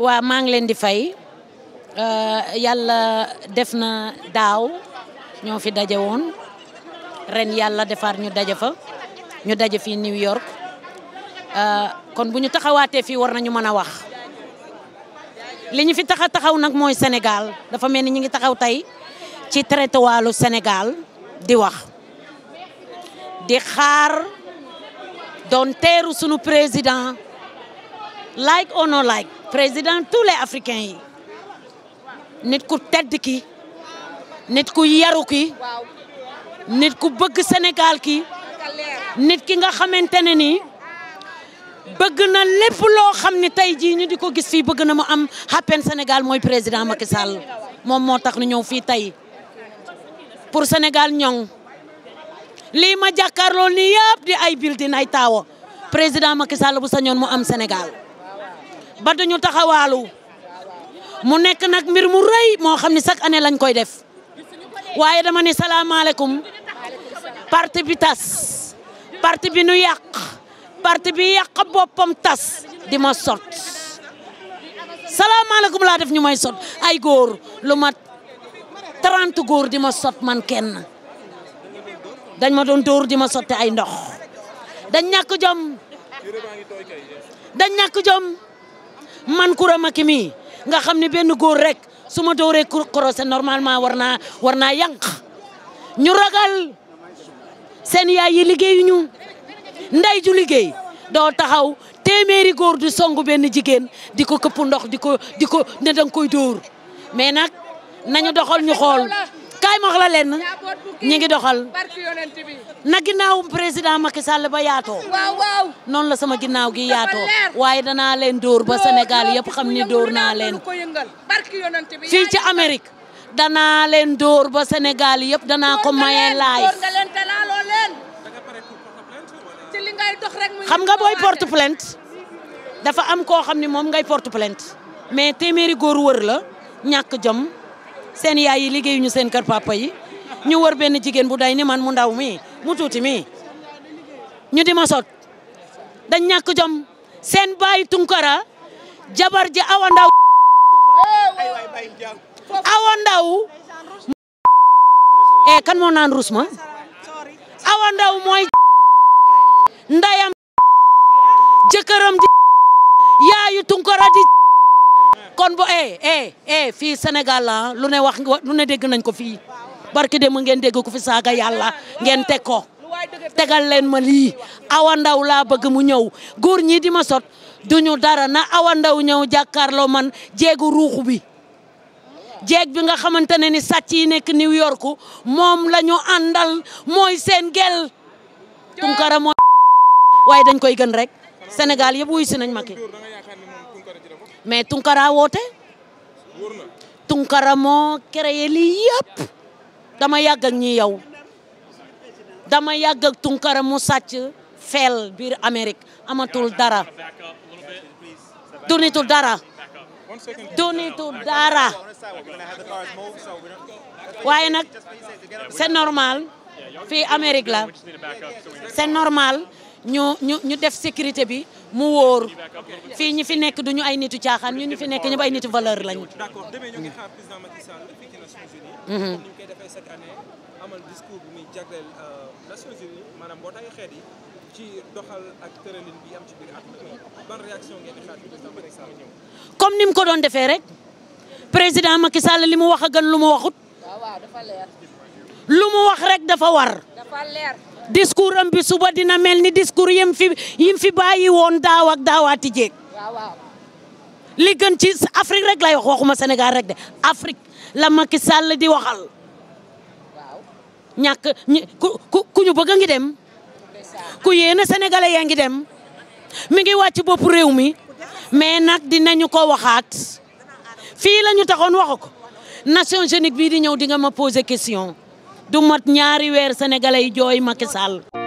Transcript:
waa maa ngi leen di fay euh, yàlla def na daaw ñoo fi daje woon ren yàlla defar ñu daje fa ñu daje fii New York euh, kon bu ñu taxawaatee fii war nañu mën a wax li ñu fi tax taxaw nag mooy Sénégal dafa mel ni ñu ngi taxaw tey ci traité waalu Sénégal di wax di xaar doon teeru sunu président like or no like président tous les africains yi nit ku tedd ki nit ku yaru ki nit ku bëgg Sénégal ki nit ki nga xamante ne ni bëgg na lépp loo xam ne tey jii ñu di ko gis fii bëgg na mu am happen Sénégal mooy président Macky Sall moom moo tax ñu ñëw fii tey pour Sénégal ñoŋ lii ma jàkkaarloo ni yëpp di ay building ay taawo président Macky Sall bu ñoon mu am Sénégal ba ñu taxawaalu mu nekk nag mbir mu rëy moo xam ne chaque année lañ koy def waaye dama ne salaamaaleykum parti bi tas parti bi nu yàq parti bi yàq boppam tas di ma sot salaamaaleykum laa def ñu may sot ay góor lu mat 30 góor di ma sot man kenn dañ ma doon dóor di ma sotte ay ndox dañ ñàkk jom dañ ñàkk jom man Coura maki mii nga xam ne benn góor rek su ma dooree korosé normalement war naa war naa yànq ñu ragal seen yaay yi liggéeyuñu nday ju liggéey doo taxaw téeméeri góor di songu benn jigéen di ko këpp ndox di ko di ko ne danga koy dóor mais nag nañu doxal ñu xool kaay ma ñi ngi doxal na ginnaaw président Macky Sall ba yaatoo noonu la sama ginnaaw gi yaatoo waaye danaa leen dóor ba Sénégal yëpp xam ni dóor naa leen fii ci Amérique danaa leen dóor ba Sénégal yëpp danaa ko maye laay xam nga booy porte plainte dafa am koo xam ni moom ngay porte plainte mais téeméeri góor wër la ñàkk jom seen yaay yi liggéeyuñu seen kër papa yi ñu war benn jigéen bu day ni man mu ndaw mi mu tuuti mi ñu di ma sot dañ ñàkk jom seen baay tunkara jabar ji awa ndaw awa ndaw e kan moo naan rus ma awa ndaw mooy ndayam jëkkëram ji yaayu tunkara di kon bo e e e fii Sénégal lu ne wax lu ne dégg nañ ko fii barki de mu ngeen dégg ko fi saaga yàlla ngeen teg ko tegal leen ma lii awa ndaw laa bëgg mu ñëw góor ñii di ma sot duñu dara na awa ndaw ñëw jàkkaarloo man jéegu ruux bi jeeg bi nga xamante ne ni sàcc yi nekk New York moom la ñu àndal mooy seen gel Tunkara mooy waaye dañ koy gën rek senegal yëpp wuy si nañ Macky mais Tunkara woote Tunkara moo créé lii yëpp dama yàgg ak yow dama yàgg ak Tunkara mu sàcc feel biir Amérique amatul dara dunitul dara dunitul dara waaye nag c'est normal fii Amérique la c'est normal ñu ñu ñu def sécurité bi mu wóor fii ñi fi nekk duñu ay nitu caaxaan ñu ñu fi nekk ñëpp ay nitu valeur lañu. d'accord demee ñu ngi xaar président Macky Sall fii ci Nations Unies. Mhm. ñu euh, am ci biir at ban comme ni ko doon defee rek président Macky Sall li mu wax a gën lu mu waxut. lu mu wax rek dafa war. dafa leer. suba dina mel ni discours yim fi yim fi bàyyi woon daaw ak daawaati jéeg. waaw waaw. li gën ci Afrique rek lay wax waxuma Sénégal rek de Afrique la Macky Sall di waxal. waaw ku ku ñu bëgg a ngi dem. ku yéene sénégalais yaa ngi dem. mi ngi wàcc bopp réew mi. mais nag dinañu ko waxaat. fii la taxoon waxu ko. nation jeunique bii di ñëw di nga ma poser question du mat ñaari weer sénégalais ay jooy Macky Sall